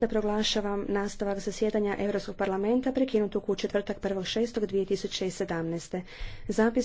da proglašavam nastavak zasjedanja Europskog parlamenta prekinutog u četvrtak 1.6.2017. Zapisnik